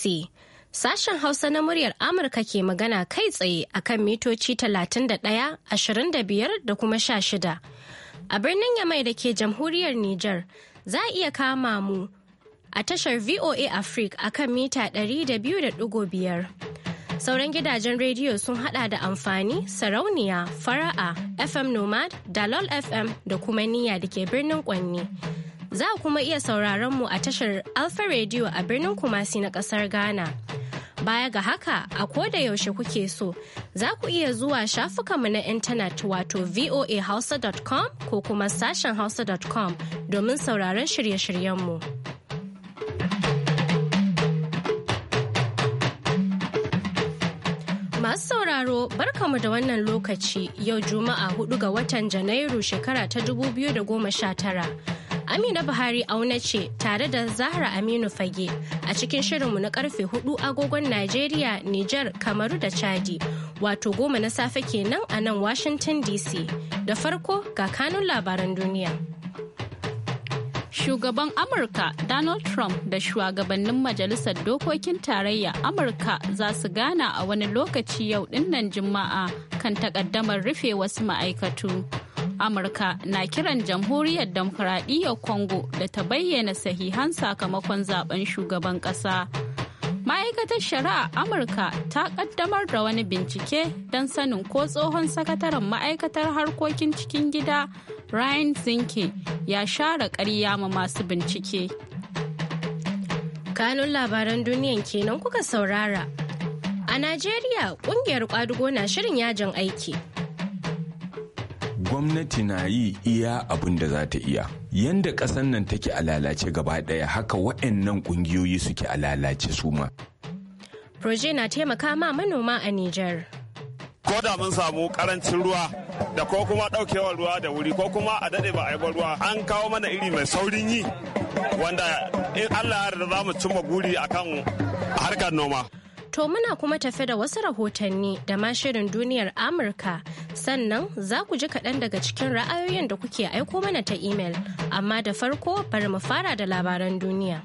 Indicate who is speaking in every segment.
Speaker 1: DC. Sashen Hausa na muryar Amurka ke magana kai tsaye akan mitoci 31, 25 da kuma 16. A birnin Yamai da ke jamhuriyar Nijar, za a iya kama mu a tashar VOA Africa akan mita 200.5. Sauran gidajen rediyo sun hada da amfani, sarauniya, fara'a, FM Nomad, Dalol FM da kuma niyya da ke birnin Kwanni. Za a kuma iya sauraron mu a tashar Alfa Radio a birnin Kumasi na kasar Ghana. Baya ga haka, a da yaushe kuke so, za ku iya zuwa shafukanmu na intanet wato voahausa.com ko kuma sashen hausa.com domin sauraron shirye-shiryenmu. Masu sauraro barkamu da wannan lokaci yau Juma'a 4 ga watan Janairu shekara ta 2019. Amina Buhari auna ce tare da Zahra Aminu Fage a cikin shirinmu na karfe 4 agogon Najeriya, Nijar, Kamaru da Chadi. Wato goma na safe kenan a nan Washington DC. Da farko ga kanun labaran duniya. Shugaban Amurka Donald Trump da shugabannin Majalisar Dokokin
Speaker 2: Tarayya Amurka za su gana a wani lokaci yau dinnan Juma'a kan takaddamar rufe wasu ma'aikatu. amurka na kiran jamhuriyar demokuraɗiyyar congo da ta bayyana sahihan sakamakon zaben shugaban ƙasa ma'aikatar shari'a amurka ta ƙaddamar da wani bincike don sanin ko tsohon sakataren ma'aikatar harkokin cikin gida ryan zinke ya share
Speaker 1: ƙarya ma masu bincike kanun labaran duniyan kenan kuka saurara a najeriya ƙungiyar ƙwadugo na shirin yajin aiki
Speaker 3: gwamnati na yi iya abin da za ta iya yanda ƙasar nan take a lalace gaba ɗaya haka waɗannan ƙungiyoyi suke a lalace su ma
Speaker 1: Proje na taimaka ma manoma a Nijar.
Speaker 4: ko da mun samu karancin ruwa da ko kuma ɗaukewar ruwa da wuri ko kuma a daɗe ba a yi ruwa an kawo mana iri mai saurin yi wanda in allah ya yarda za mu cimma guri akan harkar noma
Speaker 1: To muna kuma tafe da wasu rahotanni da ma shirin duniyar Amurka sannan za ku ji kaɗan daga cikin ra'ayoyin da kuke aiko mana ta imel amma da farko bari mu fara da labaran duniya.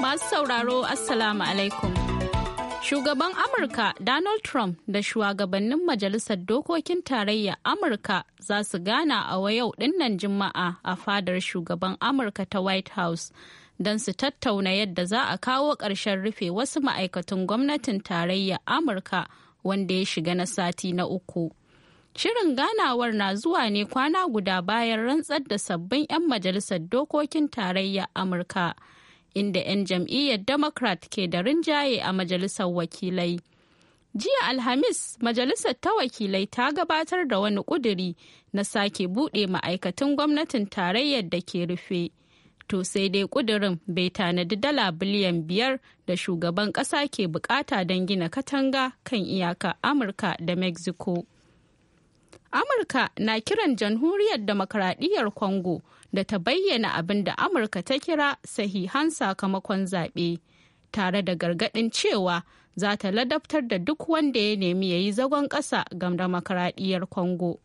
Speaker 2: Masu sauraro Assalamu alaikum. Shugaban Amurka Donald Trump da shugabannin Majalisar Dokokin Tarayya Amurka za su gana a wayau dinnan Juma'a a fadar shugaban Amurka ta White House don su tattauna yadda za a kawo ƙarshen rufe wasu ma'aikatan gwamnatin tarayya Amurka wanda ya shiga na sati na uku. Shirin ganawar na zuwa ne kwana guda bayan rantsar da sabbin 'yan majalisar dokokin tarayya Amurka. inda 'yan jam'iyyar democrat ke da rinjaye a majalisar wakilai jiya alhamis majalisar ta wakilai ta gabatar da wani ƙuduri na sake buɗe ma'aikatan gwamnatin tarayyar da ke rufe to sai dai ƙudurin bai tanadi dala biliyan biyar da shugaban ƙasa ke bukata don gina katanga kan iyaka amurka da mexico Amurka na kiran jamhuriyar demokradiyyar Congo da ta bayyana abin da Amurka ta kira sahihan sakamakon zaɓe, tare da gargaɗin cewa za ta ladabtar da duk wanda ya nemi ya yi zagon ƙasa ga demokradiyyar Congo.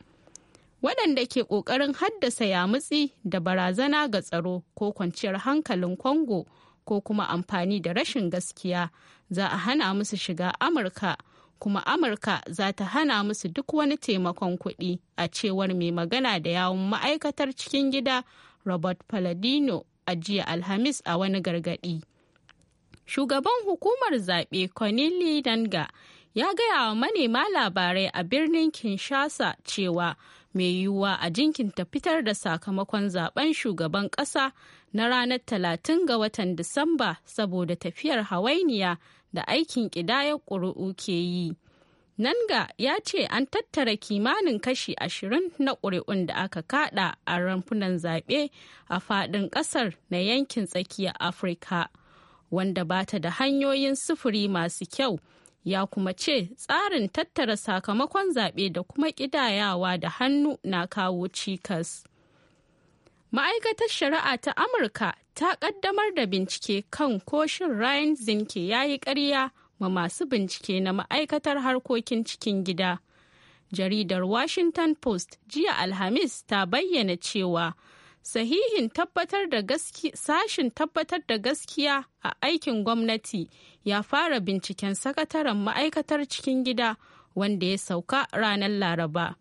Speaker 2: Waɗanda ke ƙoƙarin haddasa yamutsi da barazana ga tsaro ko kwanciyar hankalin Congo ko kuma amfani da rashin gaskiya za a hana musu shiga Amurka kuma amurka za ta hana musu duk wani taimakon kuɗi a cewar mai magana da yawon ma'aikatar cikin gida robert paladino a jiya alhamis a wani gargaɗi shugaban hukumar zaɓe corneli danga ya gaya wa manema labarai a birnin kinshasa cewa mai yiwuwa a jinkinta fitar da sakamakon zaben shugaban ƙasa na ranar 30 ga watan Disamba saboda tafiyar hawainiya da aikin ƙidayar ƙuri'u ke yi. Nanga ya ce an tattara kimanin kashi ashirin na ƙuri'un da aka kada a rumfunan zaɓe a faɗin ƙasar na yankin tsakiyar Afirka, wanda ba ta da hanyoyin sufuri masu kyau ya kuma ce tsarin tattara sakamakon zaɓe da kuma ƙidayawa da hannu na kawo cikas. Ma'aikatar Shari'a ta Amurka ta ƙaddamar da bincike kan koshin Ryan Zinke ya yi ƙarya ma masu bincike na ma'aikatar harkokin cikin gida. Jaridar Washington Post jiya Alhamis ta bayyana cewa sahihin tabbatar da gaskiya sashin tabbatar da gaskiya a aikin gwamnati ya fara binciken sakataren ma'aikatar cikin gida wanda ya sauka ranar laraba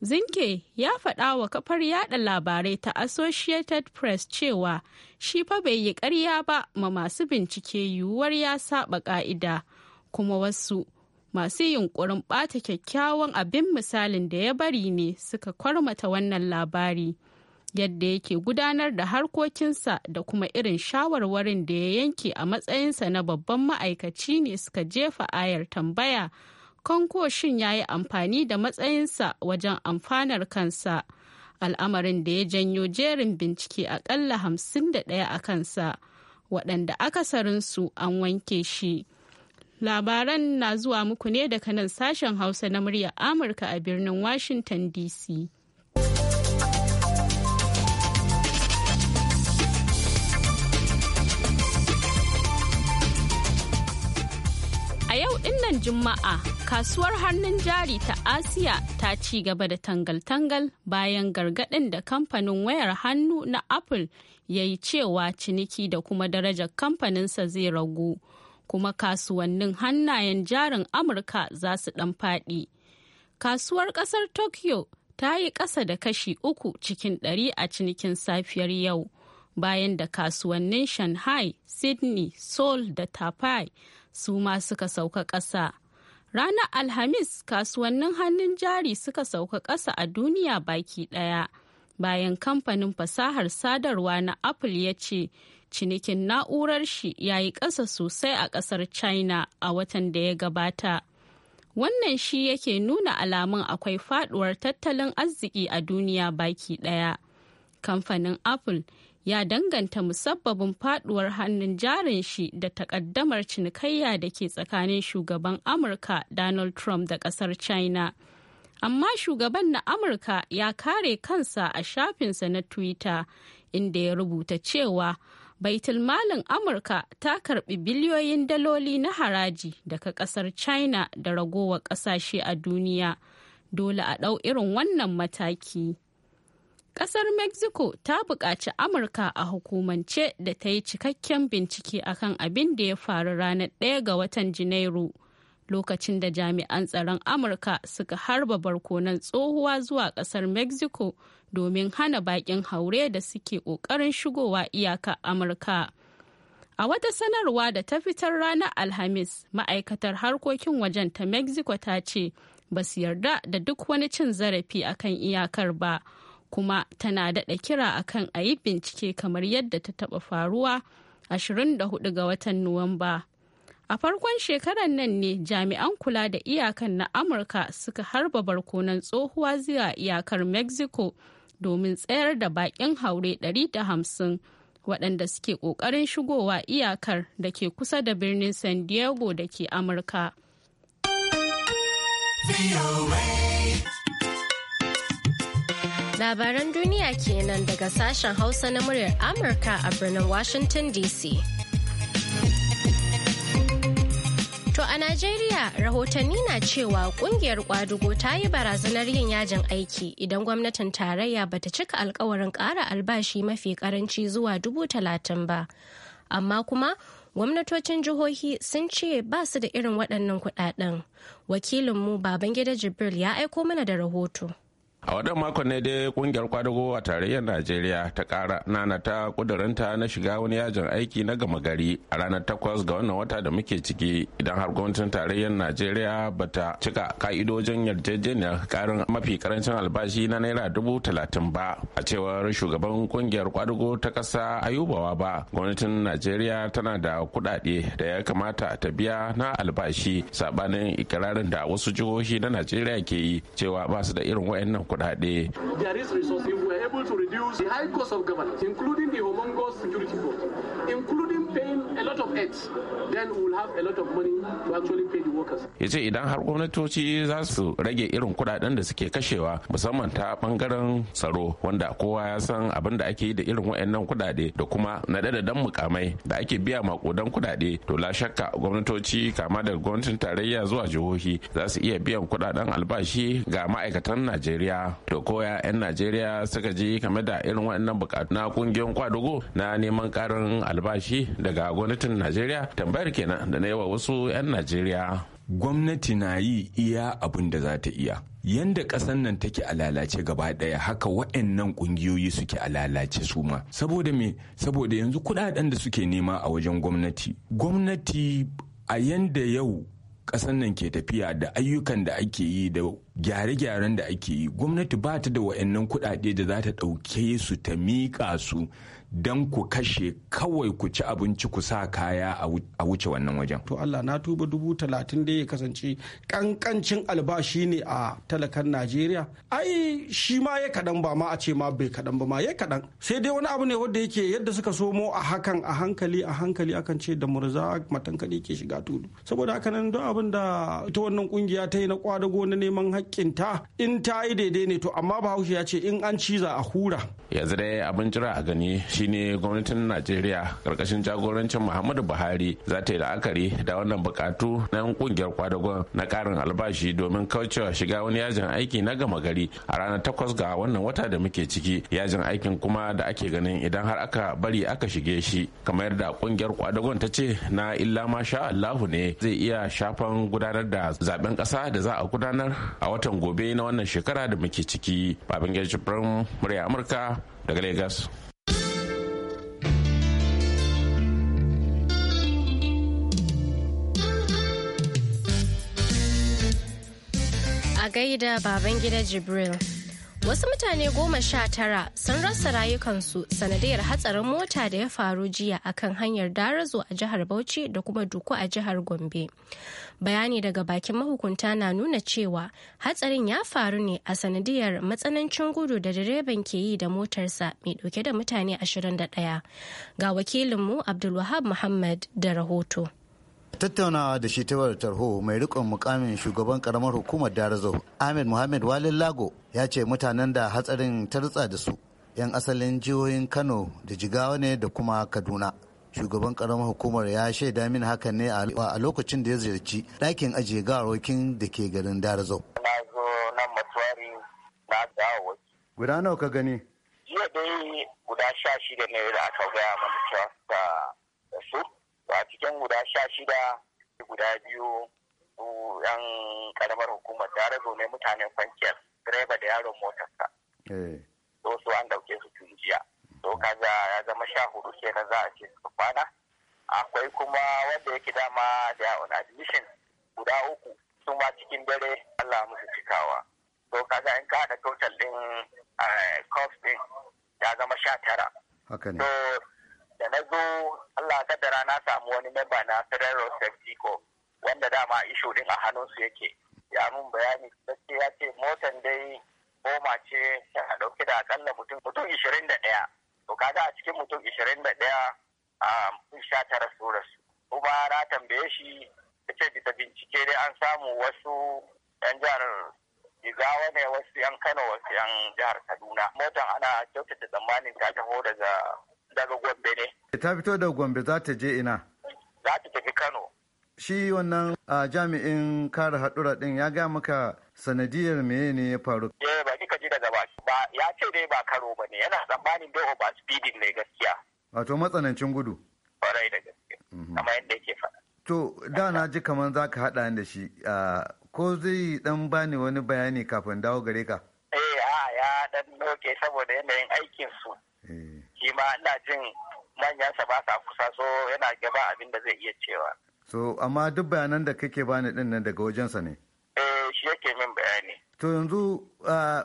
Speaker 2: zinke ya faɗa wa kafar yada labarai ta associated press cewa shi fa bai yi ƙarya ba ma masu bincike yiwuwar ya saba ƙa'ida kuma wasu masu yunkurin ɓata kyakkyawan abin misalin da ya bari ne suka kwarmata wannan labari. yadda yake gudanar da harkokinsa da kuma irin shawarwarin da ya yanke a matsayinsa na babban ma'aikaci ne suka jefa ayar tambaya kanko shin ya yi amfani da matsayinsa wajen amfanar kansa al'amarin da ya janyo jerin bincike akalla hamsin da ɗaya a kansa waɗanda akasarinsu an wanke shi labaran na zuwa muku ne daga nan sashen hausa na muryar amurka a birnin washington dc Juma'a kasuwar hannun jari ta Asiya ta ci gaba da tangal-tangal bayan gargaɗin da kamfanin wayar hannu na Apple ya yi cewa ciniki da kuma darajar kamfaninsa zai ragu, kuma kasuwannin hannayen jarin Amurka za su ɗan faɗi. Kasuwar ƙasar Tokyo ta yi ƙasa da kashi uku cikin ɗari a cinikin safiyar yau, bayan da kasuwannin Shanghai, Sydney, Seoul da Taipei su ma suka sauka ƙasa. Ranar Alhamis kasuwannin hannun jari suka sauka ƙasa a duniya baki ɗaya. Bayan kamfanin fasahar sadarwa na Apple ya ce cinikin na'urar shi ya yi ƙasa sosai a ƙasar China a watan da ya gabata. Wannan shi yake nuna alamun akwai faduwar tattalin arziki a duniya baki ɗaya. Kamfanin Apple ya danganta musabbabin faduwar hannun jarin shi da takaddamar cinikayya da ke tsakanin shugaban amurka donald trump da kasar china amma shugaban na amurka ya kare kansa a shafinsa na twitter inda ya rubuta cewa baitulmalin amurka ta karbi biliyoyin daloli na haraji daga kasar china da ragowar kasashe a duniya dole a ɗau irin wannan mataki. kasar Mexico ta buƙaci Amurka a hukumance da ta yi cikakken bincike akan abin da ya faru ranar ɗaya ga watan Janairu. lokacin da jami'an tsaron amurka suka harba barkonan tsohuwa zuwa kasar mexico domin hana bakin haure da suke ƙoƙarin shigowa iyaka amurka a wata sanarwa da ta fitar ranar alhamis ma'aikatar harkokin wajen ta mexico ta ce ba su yarda da duk wani cin zarafi akan iyakar ba kuma tana daɗa kira a kan a yi bincike kamar yadda ta taɓa faruwa 24 ga watan Nuwamba. A farkon shekarar nan ne jami'an kula da iyakan na Amurka suka harba barkonan tsohuwa zuwa iyakar Mexico domin tsayar da baƙin haure 150 waɗanda suke ƙoƙarin shigowa iyakar da ke kusa da birnin San Diego da ke Amurka.
Speaker 1: Labaran duniya kenan daga sashen Hausa na muryar Amurka a birnin Washington DC. To a Najeriya rahotanni na cewa kungiyar kwadugo ta yi barazanar yin yajin aiki idan gwamnatin tarayya bata cika alkawarin ƙara albashi mafi karanci zuwa dubu talatin ba. Amma kuma gwamnatocin jihohi sun ce ba su da irin waɗannan kuɗaɗen. Wakilinmu Babangida Jibril ya aiko mana da rahoto.
Speaker 3: a wadan makon ne dai kungiyar kwadago a tarayyar najeriya ta kara nanata kudurinta na shiga wani yajin aiki na gama gari a ranar takwas ga wannan wata da muke ciki idan har gwamnatin tarayyar najeriya bata cika ka'idojin yarjejeniyar karin mafi karancin albashi na naira dubu talatin ba a cewar shugaban kungiyar kwadago ta kasa ayubawa ba gwamnatin najeriya tana da kudade da ya kamata ta biya na albashi sabanin ikirarin da wasu jihohi na najeriya ke yi cewa ba su da irin wayannan kuɗaɗe. including a lot of eggs, then we have a lot of money to actually pay the workers Yace idan har gwamnatoci za su rage irin kudaden da suke kashewa musamman ta bangaren tsaro wanda kowa ya san abin da ake yi da irin wayannan kudade da kuma naɗe da dan mukamai da ake biya makudan kudade to la shakka gwamnatoci kama da gwamnatin tarayya zuwa jihohi za su iya biyan kudaden albashi ga ma'aikatan najeriya to koya 'yan najeriya suka ji kame da irin wayannan bukatu na kungiyoyin kwadugo na neman karin albashi daga gwamnati gwamnatin najeriya tambayar kenan da na yawa wasu 'yan najeriya gwamnati na yi iya abin da za ta iya yanda ƙasan nan take a lalace gaba ɗaya haka wa'annan ƙungiyoyi suke a lalace su ma saboda me saboda yanzu kuɗaɗen da suke nema a wajen gwamnati gwamnati a yanda yau ƙasan nan ke tafiya da ayyukan da ake yi da gyare-gyaren da ake yi gwamnati ba ta da wa'annan kuɗaɗe da za ta ɗauke su ta miƙa su don ku kashe kawai ku ci abinci ku sa kaya a wuce wannan wajen. To Allah na tuba dubu talatin da ya kasance kankancin albashi ne a talakan Najeriya. Ai shi ma ya kaɗan ba ma a ce ma bai kaɗan ba ma ya kaɗan. Sai dai wani abu ne wanda yake yadda suka somo a hakan a hankali a hankali akan ce da murza matankaɗi ke shiga tudu. Saboda haka nan don abin da ita wannan kungiya ta yi na kwadago na neman haƙƙi ta, in ta yi daidai ne to amma bahaushe ya ce in an ciza a hura yanzu dai abin jira a gani shine gwamnatin najeriya karkashin jagorancin muhammadu buhari za ta yi la'akari da wannan bukatu na yan kungiyar kwadagon na karin albashi domin wa shiga wani yajin aiki na gama gari a ranar takwas ga wannan wata da muke ciki yajin aikin kuma da ake ganin idan har aka bari aka shige shi kamar yadda kungiyar kwadagon ta ce na illa ma sha allahu ne zai iya shafan gudanar da zaben kasa da za a gudanar a watan gobe na wannan shekara da muke ciki babin gajibin murya amurka daga Legas.
Speaker 1: A gaida baban gida Jibril. Wasu mutane goma sha tara sun rasa rayukansu sanadiyar hatsarin mota da ya faru jiya a kan hanyar darazo a jihar Bauchi da kuma Duku a jihar Gombe. Bayani daga bakin mahukunta na nuna cewa hatsarin ya faru ne a sanadiyar matsanancin gudu da direban ke yi da motarsa mai dauke da mutane 21. Ga wakilinmu Abdulwahab Muhammad da
Speaker 5: rahoto. tattaunawa da shi ta tarho mai rikon mukamin shugaban karamar hukumar darazo ahmed muhammad walin lago ya ce mutanen da hatsarin ta rutsa da su 'yan asalin jihohin kano da jigawa ne da kuma kaduna shugaban karamar hukumar ya shaida min hakan ne a lokacin da ya ziyarci ɗakin ajiye rokin da ke garin darazo zo
Speaker 4: nan na
Speaker 5: guda nawa ka gani
Speaker 4: jiya dai guda sha shida ne da aka gaya mana cewa a cikin guda sha shida guda biyu yan karamar hukumar da rago ne mutanen kwanciyar direba da yaron motarsa so eh. su an dauke su tun jiya to kaza ya zama sha hudu na za a ce su kwana akwai kuma wanda yake dama da on admission guda uku sun ba cikin dare Allah musu cikawa to kaza in ka hada total din eh, cost din ya zama sha tara haka da na zo Allah kaddara na samu wani memba na Federal ko wanda dama isho din a hannun su yake ya mun bayani gaske ya ce motan dai boma ce ta dauke da akalla mutum mutum ishirin to kaga a cikin mutum ishirin a um, sha tara su rasu kuma na tambaye shi ya ce bisa bincike dai an samu wasu yan jihar Jigawa ne wasu yan Kano wasu yan jihar Kaduna motan ana kyautata tsammanin ta taho daga daga
Speaker 5: Gombe ne. Ta fito da Gombe za ta je ina?
Speaker 4: Za ta tafi Kano.
Speaker 5: Shi wannan jami'in kare haɗura ɗin ya ga maka sanadiyar meye ne ya faru? Eh
Speaker 4: ba kika ji daga ba. Ba ya ce dai ba karo ba ne yana
Speaker 5: tsammanin dai ba speedin ne gaskiya. Wato matsanancin gudu.
Speaker 4: Ƙwarai da gaske.
Speaker 5: Mhm. Kamar yadda yake faɗa. To da na ji kamar za ka haɗa da shi ko zai dan bani wani bayani kafin dawo gare ka?
Speaker 4: Eh a'a ya dan noke saboda yanayin aikin su. Eh. shi ma ina jin manyansa ba sa kusa so yana gaba abin da zai
Speaker 5: iya cewa. So amma duk bayanan da kake bani din nan daga wajensa ne? Eh shi yake min bayani. To yanzu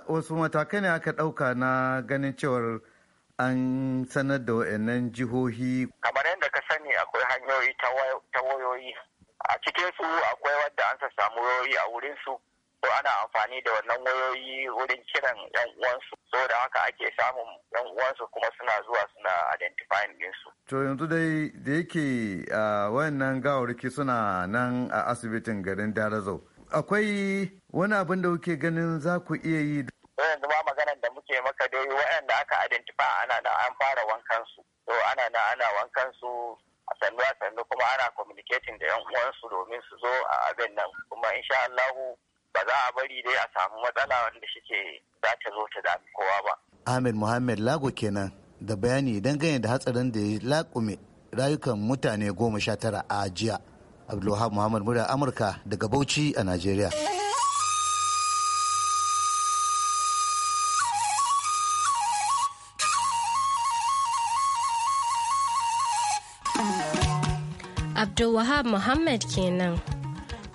Speaker 5: wasu matakai ne aka ɗauka na ganin cewar an sanar da wa'annan jihohi. Kamar yadda ka sani akwai hanyoyi ta
Speaker 4: wayoyi. A cikin su akwai wadda an samu wayoyi a wurin su. ko ana amfani da wannan wayoyi wurin kiran yan uwansu So da haka ake samun yan uwansu kuma suna zuwa suna identifying ɗinsu.
Speaker 5: to yanzu dai da yake wayannan gawarki suna nan a asibitin garin darazo akwai wani abin da kuke ganin za ku iya yi yanzu ma maganar da muke
Speaker 4: maka dai waɗanda aka identify ana da an fara wankan su to ana da ana wankan su a sannu a sannu kuma ana communicating da yan uwansu domin su zo a abin nan kuma insha Allahu ba za a bari dai a samu matsala wanda shike za ta zo ta dami kowa ba.
Speaker 5: Ahmed Muhammad Lago kenan da bayani dangane da hatsarin da ya yi laƙume rayukan mutane goma sha tara a jiya. Abdulwahab Muhammad Mura Amurka daga Bauchi a Najeriya.
Speaker 1: Abdulwahab Muhammad kenan.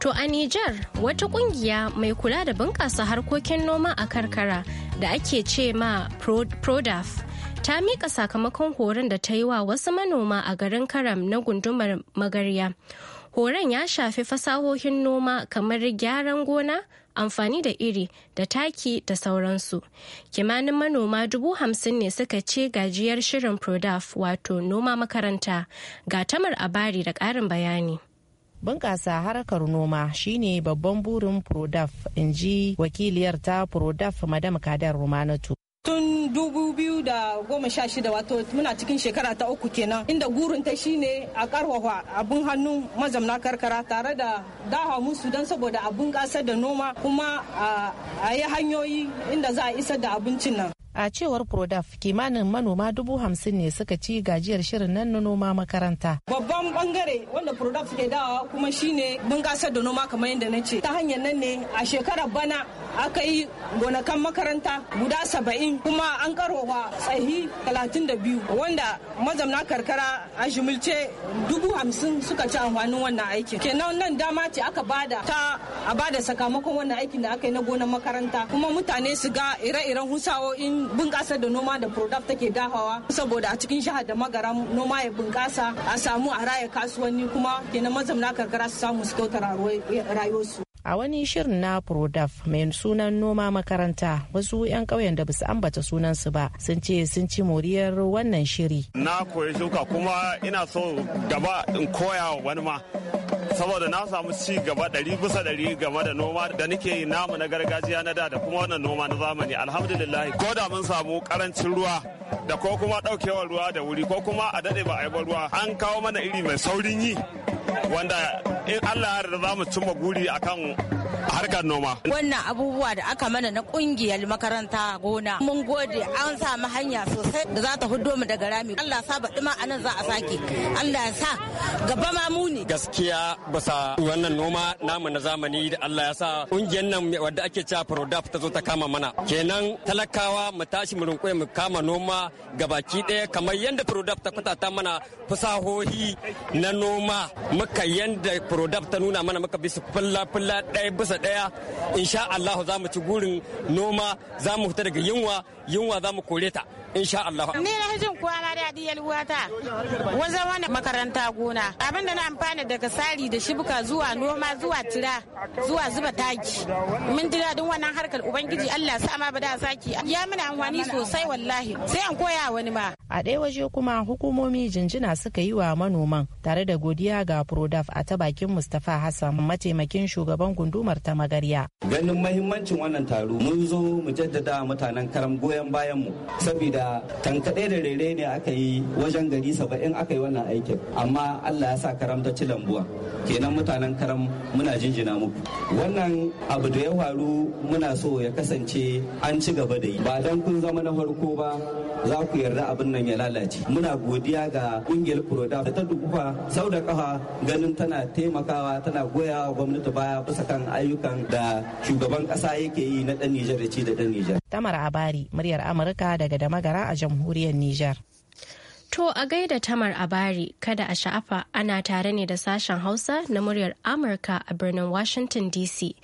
Speaker 1: To a Nijar wata kungiya mai kula da bunƙasa harkokin noma a karkara da ake ce ma Prodaf ta miƙa sakamakon horon da ta yi wa wasu manoma a garin Karam na gundumar Magarya. Horon ya shafi fasahohin noma kamar gyaran gona, amfani da iri da taki da sauransu. Kimanin manoma dubu hamsin ne suka ce gajiyar shirin Prodaf wato noma makaranta ga tamar abari da ƙarin
Speaker 6: bayani. bunƙasa harkar noma shine babban burin prodaf in ji wakiliyar ta prodaf madam kadar rumanatu tun dubu biyu da goma sha shida wato muna cikin shekara ta uku kenan inda gurin ta shine a karfafa abun hannu mazamna karkara tare da daha musu don saboda abun kasar da noma kuma a yi hanyoyi inda za a isar da abincin nan a cewar prodaf kimanin manoma dubu hamsin ne suka ci gajiyar shirin nan na noma makaranta babban bangare wanda prodaf ke dawa kuma shine bunƙasar da noma kamar yadda na ce ta hanyar nan ne a shekarar bana aka yi gonakan makaranta guda saba'in kuma an karowa tsahi talatin da biyu wanda mazamna karkara a jimilce dubu hamsin suka ci amfanin wannan aikin kenan nan dama ce aka bada ta a bada sakamakon wannan aikin da aka yi na gonan makaranta kuma mutane su ga ire-iren husawo'in bunƙasa da noma da product take dafawa saboda a cikin jihar da magara noma ya bunƙasa a samu a raya kasuwanni kuma kenan mazamna karkara su samu su kyautar rayuwarsu. a wani shirin na prodaf mai sunan noma makaranta wasu 'yan ƙauyen da basu ambata sunansu ba sun ce sun ci moriyar wannan shiri
Speaker 4: na koyi shuka kuma ina so gaba in koya wani ma saboda na samu ci gaba ɗari bisa ɗari game da noma da nake yi namu na gargajiya na da da kuma wannan noma na zamani alhamdulillah ko da mun samu karancin ruwa da ko kuma ɗaukewar ruwa da wuri ko kuma a daɗe ba a yi ruwa an kawo mana iri mai saurin yi wanda in allah ya yarda za mu cimma guri akan harkar noma wannan
Speaker 2: abubuwa da aka mana na kungiyar makaranta gona mun gode an samu hanya sosai da za ta hudo mu daga rami Allah sa baɗi ma anan za a sake Allah ya sa gaba ma mu
Speaker 4: ne gaskiya basa wannan noma namu na zamani da Allah ya sa kungiyar nan wadda ake cewa Prodaf ta zo ta kama mana kenan talakawa mu tashi mu rinƙoye mu kama noma gabaki daya kamar yadda Prodaf ta ta mana fasahohi na noma muka yadda Prodaf ta nuna mana muka bi su fulla fulla ɗaya bisa ɗaya insha Allah za mu ci gurin noma za mu fita daga yunwa yunwa za mu kore ta insha Allah
Speaker 2: ni na
Speaker 7: hijin kuwa na da diyal uwata wanzan wani makaranta gona abin da na
Speaker 2: amfana daga sari da shibuka zuwa noma zuwa tira zuwa zuba taki mun ji daɗin wannan harkar ubangiji Allah sa ma ba da saki ya mana amfani sosai wallahi sai an koya
Speaker 6: wani ma a ɗaya waje kuma hukumomi jinjina suka yi wa manoman tare da godiya ga Prodaf a ta bakin Mustapha Hassan mataimakin shugaban gundumar ta magarya
Speaker 4: ganin mahimmancin wannan taro mun zo mu jaddada mutanen karam goyon bayan mu saboda tankaɗe da rere ne aka yi wajen gari saba'in aka yi wannan aikin amma allah ya sa karamta ci lambuwa kenan mutanen karam muna jinjina muku wannan abu da ya faru muna so ya kasance an ci gaba da yi ba dan kun zama na farko ba za ku yarda abin nan ya lalace muna godiya ga ƙungiyar proda da ta dubufa sau da kafa ganin tana taimakawa tana goya wa gwamnati baya bisa kan ayyukan da shugaban kasa yake yi na dan nijar da ci da dan nijar
Speaker 6: Tamar Abari, muryar Amurka daga Damagara a jamhuriyar Nijar. To a gaida Tamar Abari, kada a sha'afa ana tare ne da
Speaker 1: sashen Hausa na muryar Amurka a birnin Washington DC,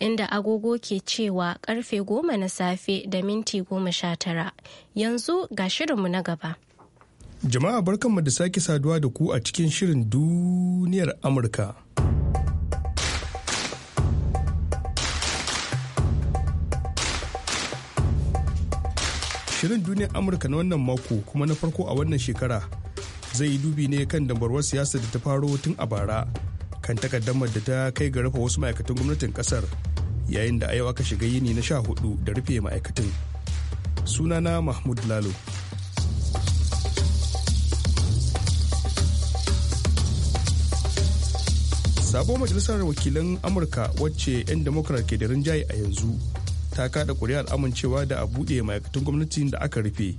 Speaker 1: inda agogo ke cewa karfe goma na safe da minti goma sha tara. Yanzu ga shirinmu na gaba.
Speaker 8: Jama'a barkanmu da sake saduwa da ku a cikin shirin duniyar Amurka. Shirin duniyar Amurka na wannan mako kuma na farko a wannan shekara zai yi dubi ne kan dambarwar siyasa da ta faro tun a bara kan takaddamar da ta kai ga rufe wasu ma'aikatan gwamnatin kasar yayin da a yau aka shiga yini na sha hudu da rufe ma'aikatan. Sunana Mahmud Lalo. sabon majalisar wakilan amurka wacce 'yan democrat ke da rinjaye a yanzu ta kada kuri'ar amincewa da a buɗe ma'aikatan gwamnati da aka rufe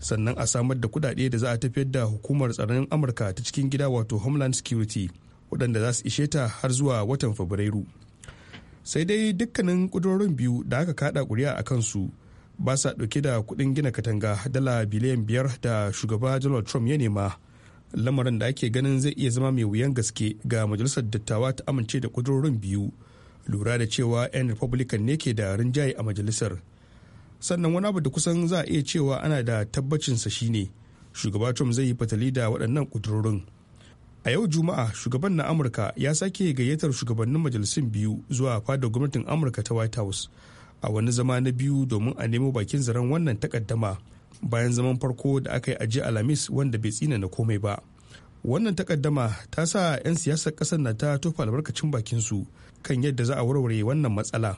Speaker 8: sannan a samar da kuɗaɗe da za a tafiyar da hukumar tsaron amurka ta cikin gida wato homeland security waɗanda za su ishe ta har zuwa watan fabrairu sai dai dukkanin ƙudurorin biyu da aka kada kuri'a a kansu ba sa ɗauke da kuɗin gina katanga dala biliyan biyar da shugaba donald trump ya nema lamarin da ake ganin zai iya zama mai wuyan gaske ga majalisar dattawa ta amince da ƙudurorin biyu lura da cewa 'yan republican ne ke da rinjaye a majalisar sannan wani abu da kusan za a iya cewa ana da tabbacinsa shine shugaba trump zai yi fatali da waɗannan kudururin. a yau juma'a shugaban na amurka ya sake gayyatar shugabannin majalisun biyu zuwa fadar gwamnatin amurka ta white house a wani zama na biyu domin a nemo bakin zaren wannan takaddama bayan zaman farko da aka yi ajiye alhamis wanda bai tsina na komai ba wannan takaddama ta sa 'yan siyasar ƙasar na ta tofa albarkacin bakinsu su kan yadda za a warware wannan matsala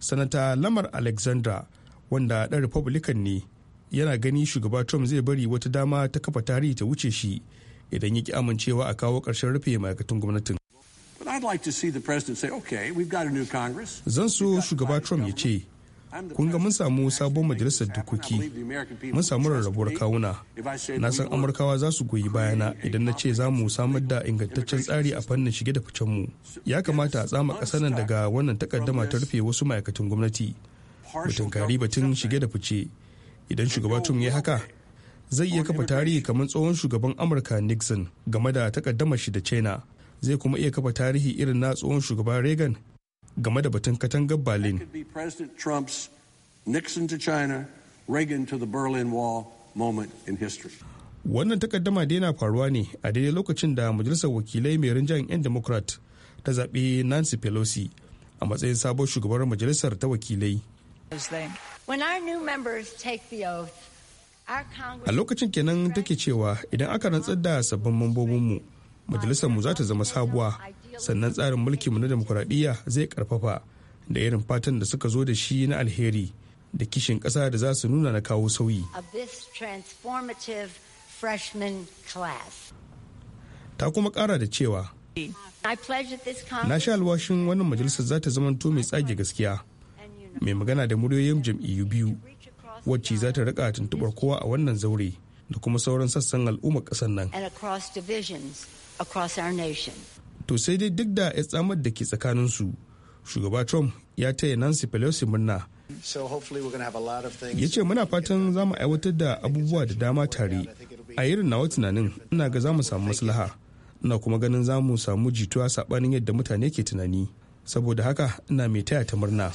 Speaker 8: sanata lamar alexandra wanda ɗan republican ne yana gani shugaba trump zai bari wata dama ta kafa tarihi ta wuce shi idan ya ki amincewa a kawo ƙarshen rufe ma'aikatan gwamnatin zan so shugaba trump ya ce kun ga mun samu sabon majalisar dukoki mun samu rarrabuwar kawuna na san amurkawa za su goyi bayana idan na ce za mu samar da ingantaccen tsari a fannin shige da ficen mu ya kamata a tsama ƙasa nan daga wannan takaddama ta rufe wasu ma'aikatan gwamnati mutum kari batun shige da fice idan shugaba trump ya haka zai iya kafa tarihi kamar tsohon shugaban amurka nixon game da takaddamar shi da china zai kuma iya kafa tarihi irin na tsohon shugaban reagan game da batun katangar Berlin. Wannan takaddama da yana faruwa ne a daidai lokacin da Majalisar Wakilai mai rinjayen 'yan Democrat ta zaɓi Nancy Pelosi a matsayin sabon shugabar Majalisar ta Wakilai. A lokacin kenan take cewa idan aka rantsar da sabbin mambobinmu, majalisarmu za ta zama sabuwa sannan tsarin mulkinmu na demokuraɗiyya zai karfafa da irin fatan da suka zo da shi na alheri da kishin ƙasa da za su nuna na kawo sauyi. Ta kuma ƙara da cewa, Na sha alwashin wannan majalisar za ta zamanto mai tsage gaskiya, mai magana da muryoyin jam'iyyu biyu, wacce za ta rika tuntuɓar kowa a wannan zaure da kuma sauran sassan al'ummar ƙasar nan. to sai dai duk da ya tsamar da ke tsakaninsu shugaba trump ya taya nancy pelosi murna ya ce muna fatan za mu aiwatar da abubuwa da dama tare a irin nawa tunanin ina ga za mu samu maslaha ina kuma ganin za mu samu jituwa saɓanin yadda mutane ke tunani saboda haka ina mai taya ta murna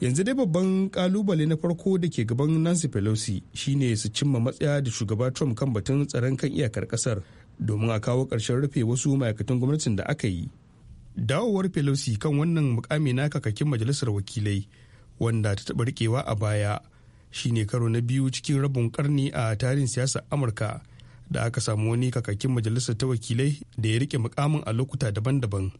Speaker 8: yanzu dai babban kalubale na farko da ke gaban nancy pelosi shine su cimma matsaya da shugaba trump kan batun tsaron kan iyakar kasar domin a kawo ƙarshen rufe wasu ma'aikatan gwamnatin da aka yi dawowar pelosi kan wannan mukami na kakakin majalisar wakilai wanda ta taba riƙewa a baya shine karo na biyu cikin rabin karni a tarihin siyasar amurka da aka samu wani kakakin majalisar ta wakilai da ya rike mukamin a lokuta daban-daban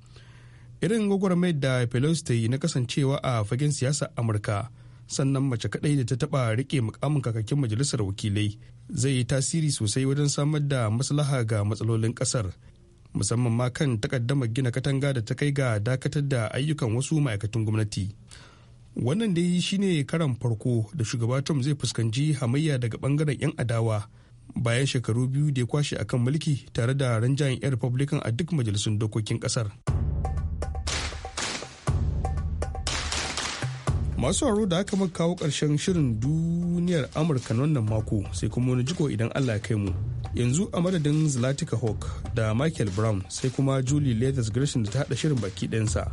Speaker 8: irin gwagwarmayar da pelosi ta yi na kasancewa a fagen siyasar amurka sannan mace kadai da ta taba rike mukamin kakakin majalisar wakilai zai yi tasiri sosai wajen samar da maslaha ga matsalolin kasar musamman ma kan takaddamar gina katanga da ta kai ga dakatar da ayyukan wasu ma'aikatan gwamnati wannan dai shine karan farko da shugaba tom zai fuskanci hamayya daga bangaren 'yan adawa bayan shekaru biyu da ya kwashe akan mulki tare da ranjayen 'yan republican a duk majalisun dokokin kasar. masu haro da aka maka kawo ƙarshen shirin duniyar amurka wannan mako sai kuma wani jiko idan allah ya kai mu yanzu a madadin zlatika hawk da michael brown sai kuma julie leathers gresham da ta haɗa shirin baki ɗansa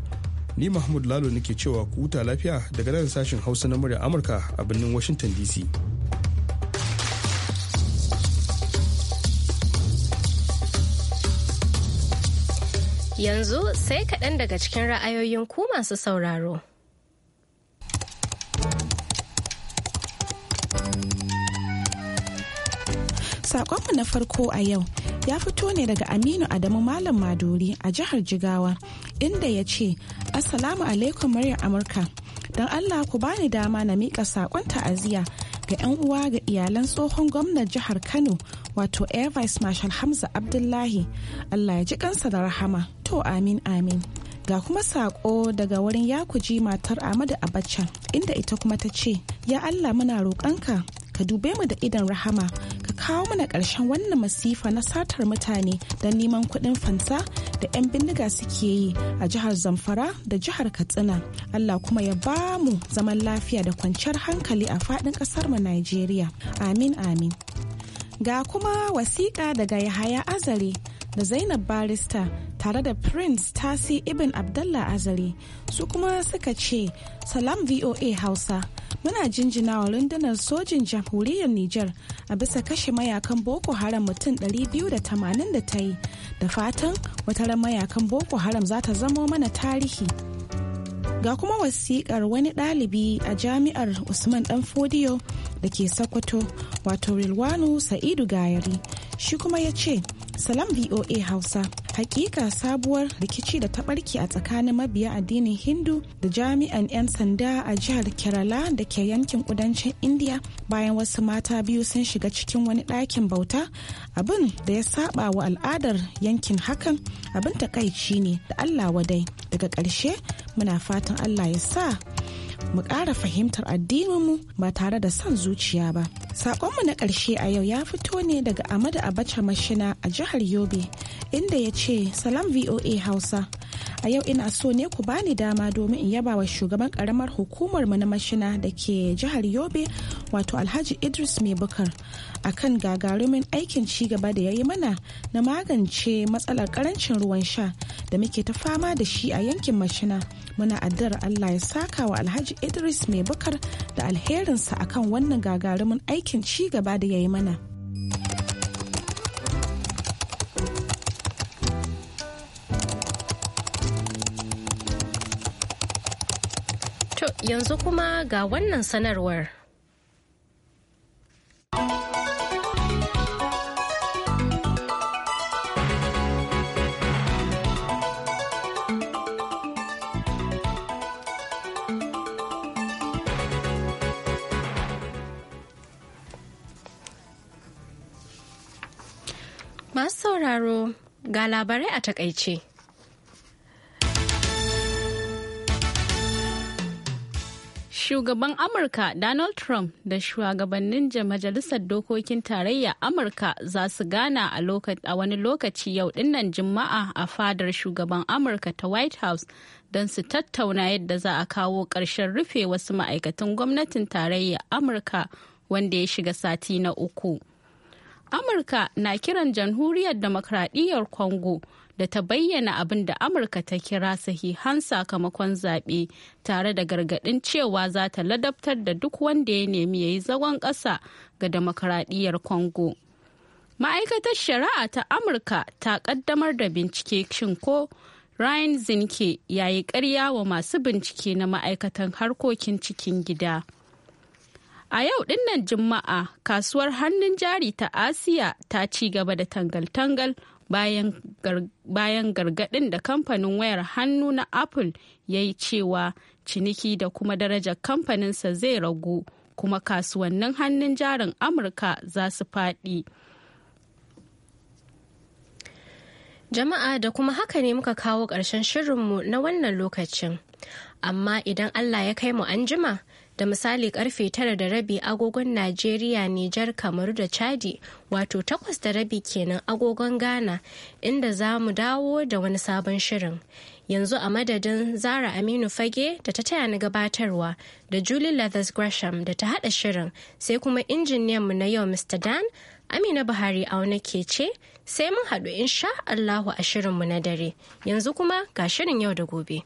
Speaker 8: ni mahmud lalo nake cewa ku huta lafiya daga nan sashen hausa na murya amurka a birnin washington dc
Speaker 1: yanzu sai kaɗan daga cikin ra'ayoyin ku masu
Speaker 7: sauraro Sakonmu na farko a yau ya fito ne daga Aminu Adamu Malam Maduri a jihar Jigawa inda ya ce, Assalamu alaikum muryar Amurka. Don Allah ku bani dama na miƙa saƙon ta'aziyya ga 'yan uwa ga iyalan tsohon gwamnan jihar Kano wato Air Vice Marshal Hamza Abdullahi. Allah ya ji kansa da rahama. To amin amin. ga kuma sako daga wurin ya yakuji matar Ahmadu Abacha inda ita kuma ta ce, Ya Allah muna roƙonka ka dube mu da idan rahama kawo mana ƙarshen wannan masifa na satar mutane don neman kuɗin fansa da 'yan bindiga suke yi a jihar zamfara da jihar katsina allah kuma ya ba mu zaman lafiya da kwanciyar hankali a faɗin ƙasar mu najeriya amin amin ga kuma wasiƙa daga yahaya azare da Zainab Barista tare da Prince Tasi Ibn Abdallah Azali su kuma suka ce Salam VOA Hausa muna jinjina wa rundunar sojin jamhuriyar Nijar a bisa kashe mayakan Boko Haram mutum 280 da ta yi da fatan wataran mayakan Boko Haram za ta zamo mana tarihi. Ga kuma wasiƙar wani ɗalibi a jami'ar Usman Danfodiyo da ke Sokoto wato Rilwanu Sa'idu Gayari shi kuma ya ce Salam VOA Hausa. Hakika sabuwar rikici da ta ɓarke a tsakanin mabiya addinin Hindu da jami'an 'yan sanda a jihar Kerala da ke yankin kudancin India bayan wasu mata biyu sun shiga cikin wani ɗakin bauta abin da ya saba wa al'adar yankin hakan abin takaici ne da Allah wadai. Daga ƙarshe muna fatan Allah ya sa mu ƙara fahimtar addininmu ba tare da son zuciya ba. Saƙonmu na ƙarshe a yau ya fito ne daga Amadu Abacha Mashina a jihar Yobe, inda ya ce, Salam VOA Hausa. a yau ina so ne ku bani dama domin in yaba wa shugaban ƙaramar hukumar mu na mashina da ke jihar yobe wato alhaji idris mai bukar kan gagarumin aikin cigaba da ya yi mana na magance matsalar karancin ruwan sha da muke ta fama da shi a yankin mashina muna addar allah ya saka wa alhaji idris mai bukar da alherinsa a kan wannan gagarumin aikin cigaba da ya yi mana
Speaker 1: yanzu kuma ga wannan sanarwar. Masu sauraro ga labarai a takaice.
Speaker 2: Shugaban Amurka Donald Trump da shugabannin majalisar dokokin tarayya Amurka za su gana a wani lokaci yau dinnan Juma'a a fadar shugaban Amurka ta White House don su tattauna yadda za a kawo ƙarshen rufe wasu ma'aikatan gwamnatin tarayya Amurka wanda ya shiga sati na uku. Amurka na kiran jamhuriyar demokradiyyar Congo. da ta bayyana abin da amurka ta kira sahihan sakamakon zaɓe tare da gargaɗin cewa za ta ladabtar da duk wanda ya nemi ya yi zagon ƙasa ga demokaradiyyar congo ma'aikatar shari'a ta amurka ta ƙaddamar da bincike cin ko ryan zinke ya yi ƙarya wa masu bincike na ma'aikatan harkokin cikin gida A yau dinnan Juma'a kasuwar hannun jari ta Asiya ta ci gaba da tangal-tangal bayan gargaɗin da kamfanin wayar hannu na apple ya yi cewa ciniki da kuma darajar kamfaninsa zai ragu kuma kasuwannin hannun jarin amurka za su faɗi
Speaker 1: jama'a da kuma haka ne muka kawo ƙarshen shirinmu na wannan lokacin amma idan allah ya kai mu anjima da misali karfe tara da rabi agogon Najeriya, Nijar, Kamaru da Chadi wato takwas da rabi kenan agogon Ghana inda za mu dawo da wani sabon shirin. Yanzu a madadin Zara Aminu Fage da ta taya ni gabatarwa da Julie Leathers Gresham da ta haɗa shirin sai kuma mu na yau Mr. Dan Amina Buhari auna ke ce sai mun haɗu insha Allahu a shirinmu na dare. Yanzu kuma ga shirin yau da gobe.